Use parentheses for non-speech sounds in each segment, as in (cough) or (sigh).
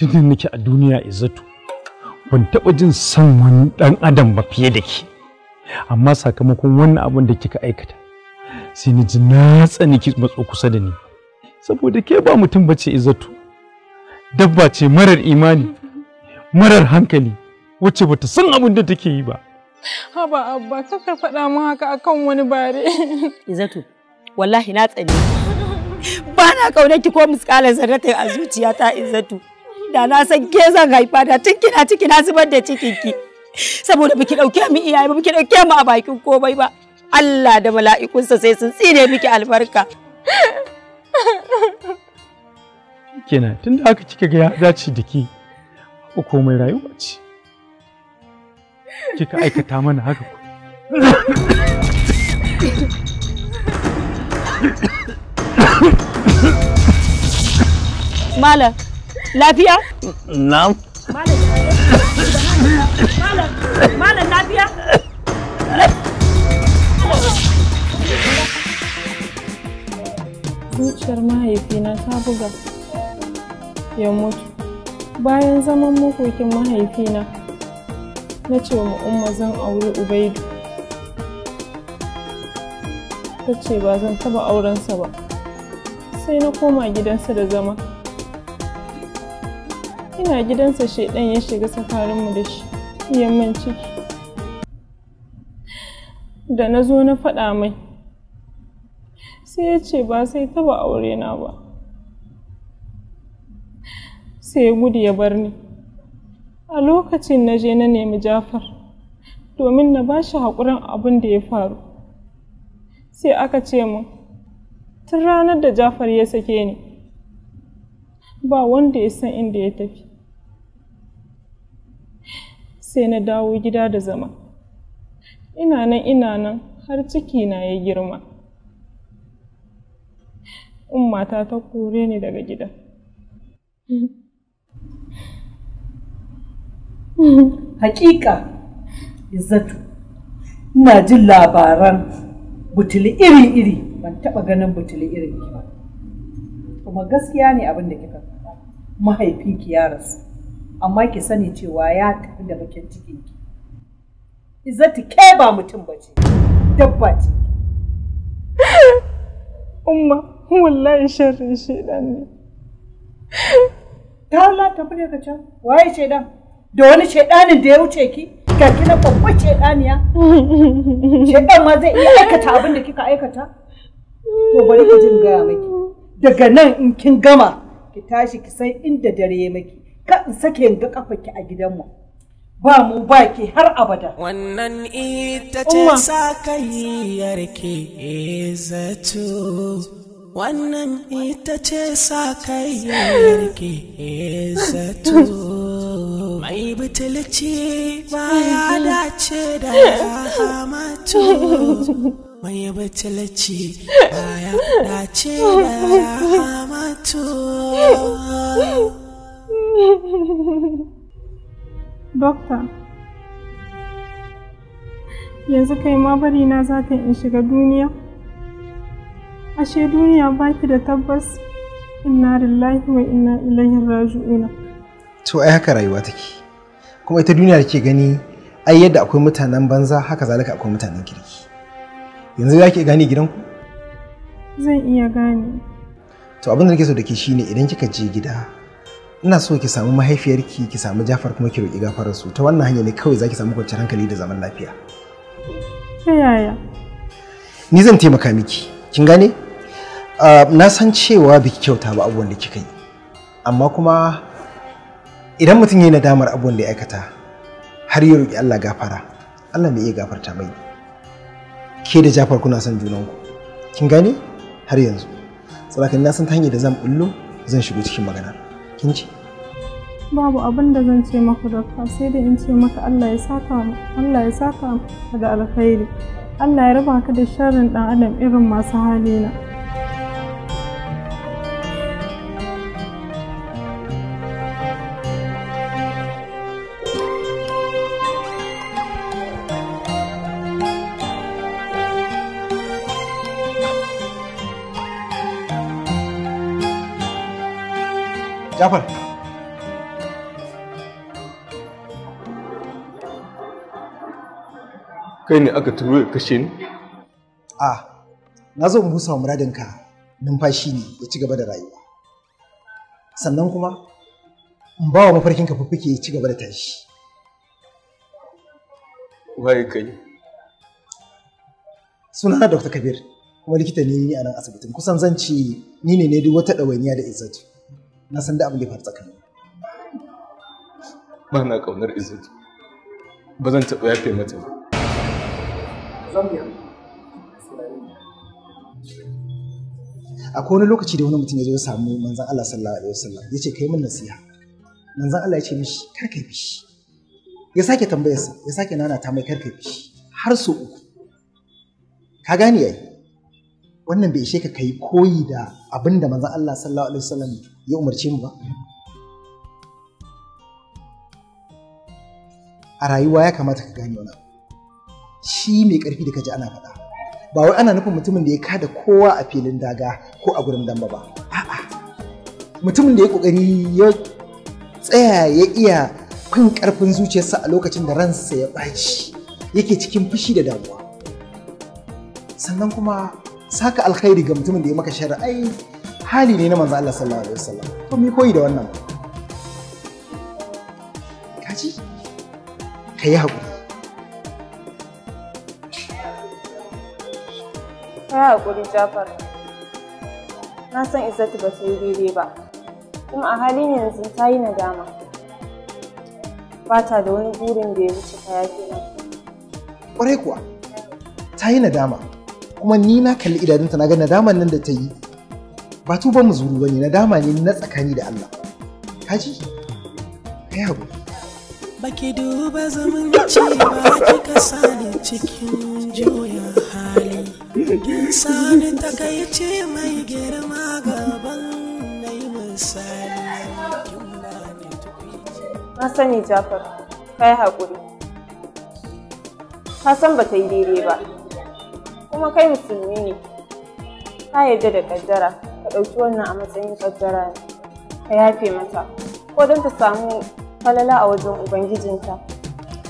tunda nake a duniya izzatu ban taɓa jin san wani ɗan adam ba fiye da ke amma sakamakon wannan abin da kika aikata sai ni ji na tsani ki matso kusa da ni saboda ke ba mutum bace izzatu dabba ce marar imani marar hankali wacce bata san abin da take yi ba haba abba kakar faɗa mu haka akan wani bare (laughs) izzatu wallahi na tsani ba na kaunar ki ko miskalar zarratai a zuciyata izzatu da na san ke zan haifa da tun kina ciki na zubar da cikinki saboda biki dauke mu iyaye ba biki dauke mu a bakin komai ba Allah da mala'ikunsa sai sun tsine miki albarka tun da aka kika ga ya dace da ki komai rayuwa ce kika aikata mana haka ku Malam Lafiya? Na'am. Malam lafiya? Zuciyar mahaifina ta buga ya mutu. Bayan zaman makokin mahaifina, na ce wa umma zan auri Ubaidu. Ta ce ba zan taba aurensa ba. Sai na koma gidansa da zama. ina gidansa shaidan ya shiga tsakaninmu da shi yamman ciki da na zo na faɗa mai sai ya ce ba sai taba aure na ba sai ya gudu ya bar ni a lokacin na je na nemi jafar domin na ba shi haƙurin abin da ya faru sai aka ce min tun ranar da jafar ya sake ni ba wanda ya san inda ya tafi sai na dawo gida da zama ina nan ina nan har ciki na ya girma ummata ta kore ni daga gida hakika izzatu ina jin labaran butuli iri-iri ban taba ganin butuli iri ki ba kuma gaskiya ne abin da kika faɗa mahaifinki ya rasu amma ki sani cewa ya tafi da bakin cikin ki izzatu ke ba mutum ba ce dabba ce umma wallahi sharrin shaidan ne ta ta tafi daga can waye shaidan da wani shaidanin da ya wuce ki ga na babbar shaidaniya shaidan ma zai iya aikata abin da kika aikata to bari ki jin gaya miki daga nan in kin gama ki tashi ki san inda dare maki kan sake in ga kafarki a gidanmu ba mu ba har abada wannan ita ce sakayyar ke e, zato wannan ita ce sakayyar ke e, zato mai butulci baya dace da hamatu mai bacalaci baya dace da hamatu Dokta, yanzu kai ma bari na za ka in shiga duniya? Ashe duniya ba ki da tabbas inna lillahi wa inna ilaihi raji'una. To ai haka rayuwa take. Kuma ita duniya da ke gani ai yadda akwai mutanen banza haka zalika akwai mutanen kirki. Yanzu za ki gane gidanku? Zan iya gane. To abin da nake so da ke shine idan kika je gida ina so ki samu mahaifiyarki ki samu Jafar kuma ki roki gafarar su ta wannan hanya ne kawai zaki samu kwanciyar hankali da zaman lafiya yaya ni zan taimaka miki kin gane ah, na san cewa biki kyauta ba abubuwan da kika yi amma kuma idan mutum yayi nadamar abubuwan da ya aikata har ya roki Allah gafara Allah mai iya gafarta mai ke da Jafar kuna son junanku kin gane har yanzu saboda na san ta hanyar da zan bullo zan shigo cikin magana babu abin da zan ce maka doka sai da in ce maka Allah ya saka mu Allah ya saka mu da alkhairi Allah ya raba ka da sharrin dan adam irin masu halina kai ne aka turo ya kashe ni a na zo busa muradin ka numfashi ne ya ci gaba da rayuwa sannan kuma in ba wa mafarkin ka fuffuke ya ci gaba da tashi waye kai na, dr kabir kuma likita ne ni a nan asibitin kusan zan ce ni ne ne duk wata ɗawainiya da izzatu na san da abin da ya faru tsakanin ba na ƙaunar izzatu ba zan taɓa yafe mata ba A akwai wani lokaci da wani mutum ya zo ya samu manzan Allah sallallahu alaihi wasallam ya ce kai min nasiha manzan Allah ya ce mishi kar bi shi ya sake tambayarsa ya sake nana ta mai kar bi shi har so uku ka gane yayi wannan bai ishe ka kai koyi da abin da manzan Allah sallallahu alaihi wasallam ya umarce mu ba a rayuwa ya kamata ka gane wannan shi mai karfi da ka ji ana faɗa ba wai ana nufin mutumin da ya kada kowa a filin daga ko a gurin damba ba a'a mutumin da ya kokari ya tsaya ya iya kun ƙarfin zuciyarsa a lokacin da ransa ya ɓaci yake cikin fushi da damuwa sannan kuma saka alkhairi ga mutumin da ya maka shari'a ai hali ne na manzo Allah sallallahu alaihi wasallam to mi koyi da wannan kaji ka yi haƙuri Kai haƙuri Jafar. Na san Izzatu ba ta yi daidai ba, kuma a halin yanzu ta yi nadama. Ba ta da wani burin da ya wuce ta yafe Ƙwarai kuwa, ta yi nadama, kuma ni na kalli idanunta na ga nadaman nan da ta yi. Ba tu tuban muzuru ba ne, nadama ne na tsakani da Allah. Kaji? Kai haƙuri. baki duba zumunci ba kika sani cikin juya sani takaice mai girma gaban na yi misali na sani jafar kai yi haƙuri ka san ba ta yi daidai ba kuma kai musulmi ne ka yarda da ƙaddara ka ɗauki wannan a matsayin ƙaddara ne ka yafe mata ko don ta samu falala a wajen ubangijinta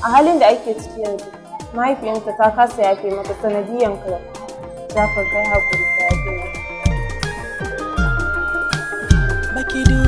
a halin da ake ciki yanzu mahaifiyarta ta kasa yafe mata sanadiyan ka za ka ga haƙuri na biyu.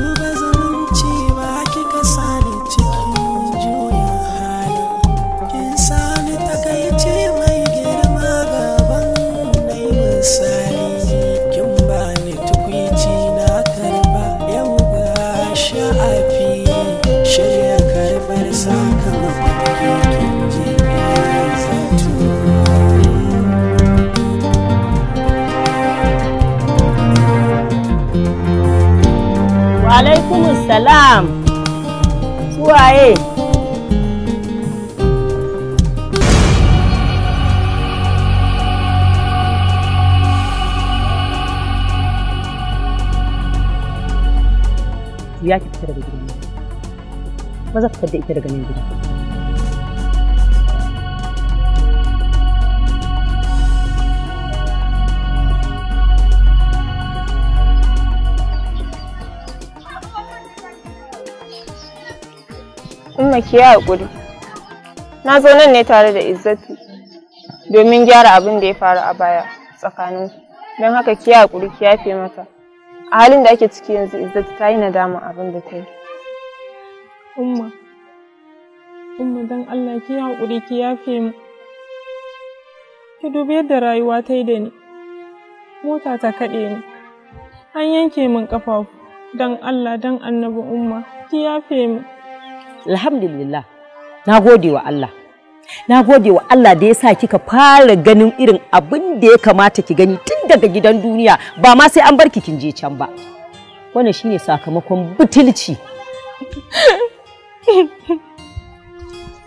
salam suwaye ya ki fita daga gidan maza fitar da ita daga nan gidan Halima ki haƙuri. Na zo nan ne tare da Izzatu domin gyara abin da ya faru a baya tsakanin don haka ki yi haƙuri ki yafe mata. A halin da ake ciki yanzu Izzatu ta yi nadama abin da ta yi. Umma, Umma don Allah ki yi haƙuri ki yafe mu. Ki dubi yadda rayuwa ta yi da ni. Mota ta kaɗe ni. An yanke min ƙafafu. Don Allah don annabi Umma ki yafe mu. alhamdulillah na gode wa Allah na gode wa Allah da ya sa kika fara ganin irin abin da ya kamata ki gani tun daga gidan duniya ba ma sai an barki ki kin je can ba wannan shine sakamakon butulci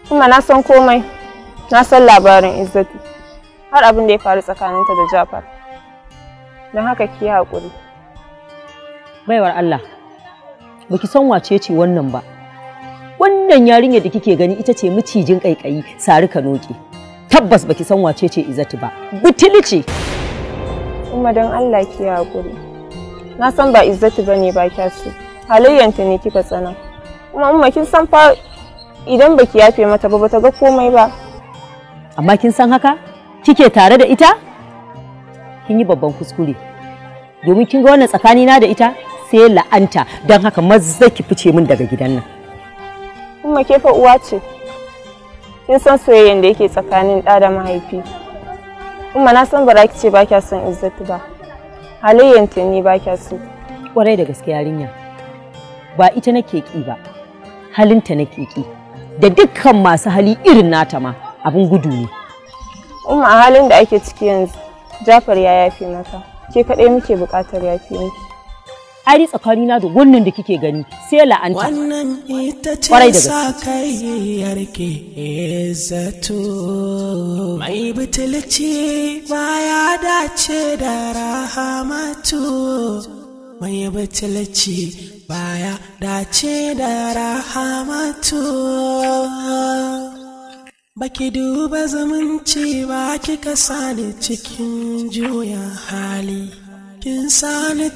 kuma (laughs) na san komai na san labarin izzati har abin da ya faru tsakaninta da jafar don haka ki haƙuri baiwar Allah baki san wace ce wannan ba wannan yarinyar da kike gani ita ce macijin kaikayi sari noke tabbas baki san wace ce izatu ba Butili ce kuma don allah ki haƙuri. na san ba izatu bane ba kya so halayyanta ne kika tsana kuma umma kin san fa idan baki yafe mata ba bata ga komai ba amma kin san haka kike tare da ita kin yi babban kuskure domin kin ga wannan tsakanina da ita sai la'anta don haka maza ki fice min daga gidan nan Umma ke fa uwa ce. Kin san soyayyen da yake tsakanin ɗa da mahaifi. Umma na san baraki ce ba kya son Izzatu ba. Halayyanta ni ba kya so. Kwarai da gaske yarinya. Ba ita nake ki ba. Halinta nake ki. Da dukkan masu hali irin nata ma abin gudu ne. Umma a halin da ake ciki yanzu. Jafar ya yafe maka. Ke kaɗai muke buƙatar yafe miki. ari tsakanina da wannan da kike gani sai la'anta wannan ita ce sa kai eh, zato mai butulci baya dace da rahamatu mai butulci baya dace da rahamatu Baki duba zumunci ba kika sani cikin juya hali. Kin sani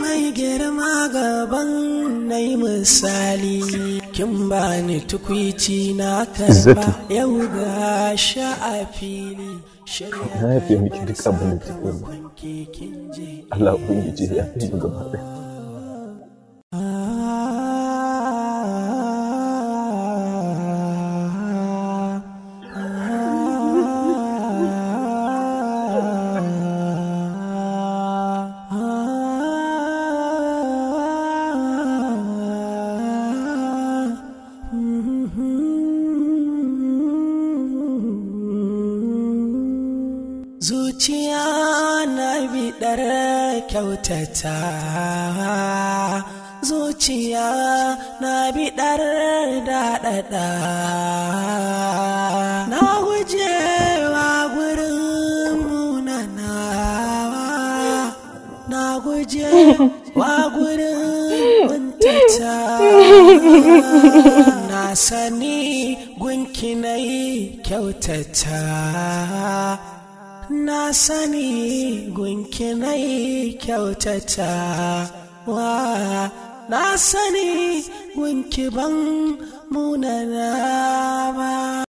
mai girma gaban na yi misali, kin ba ni tukwici na karba yau ga sha a fili. fi yafe miki duk abin da kike Allah ubangiji ya fi gaba ɗaya. kyautata zuciya na biɗar daɗaɗa na gujewa gurin munanawa na gujewa gurin kuntata na sani gunki na kyautata na sani gunki na yi kyautata wa na sani gunki ban munana ba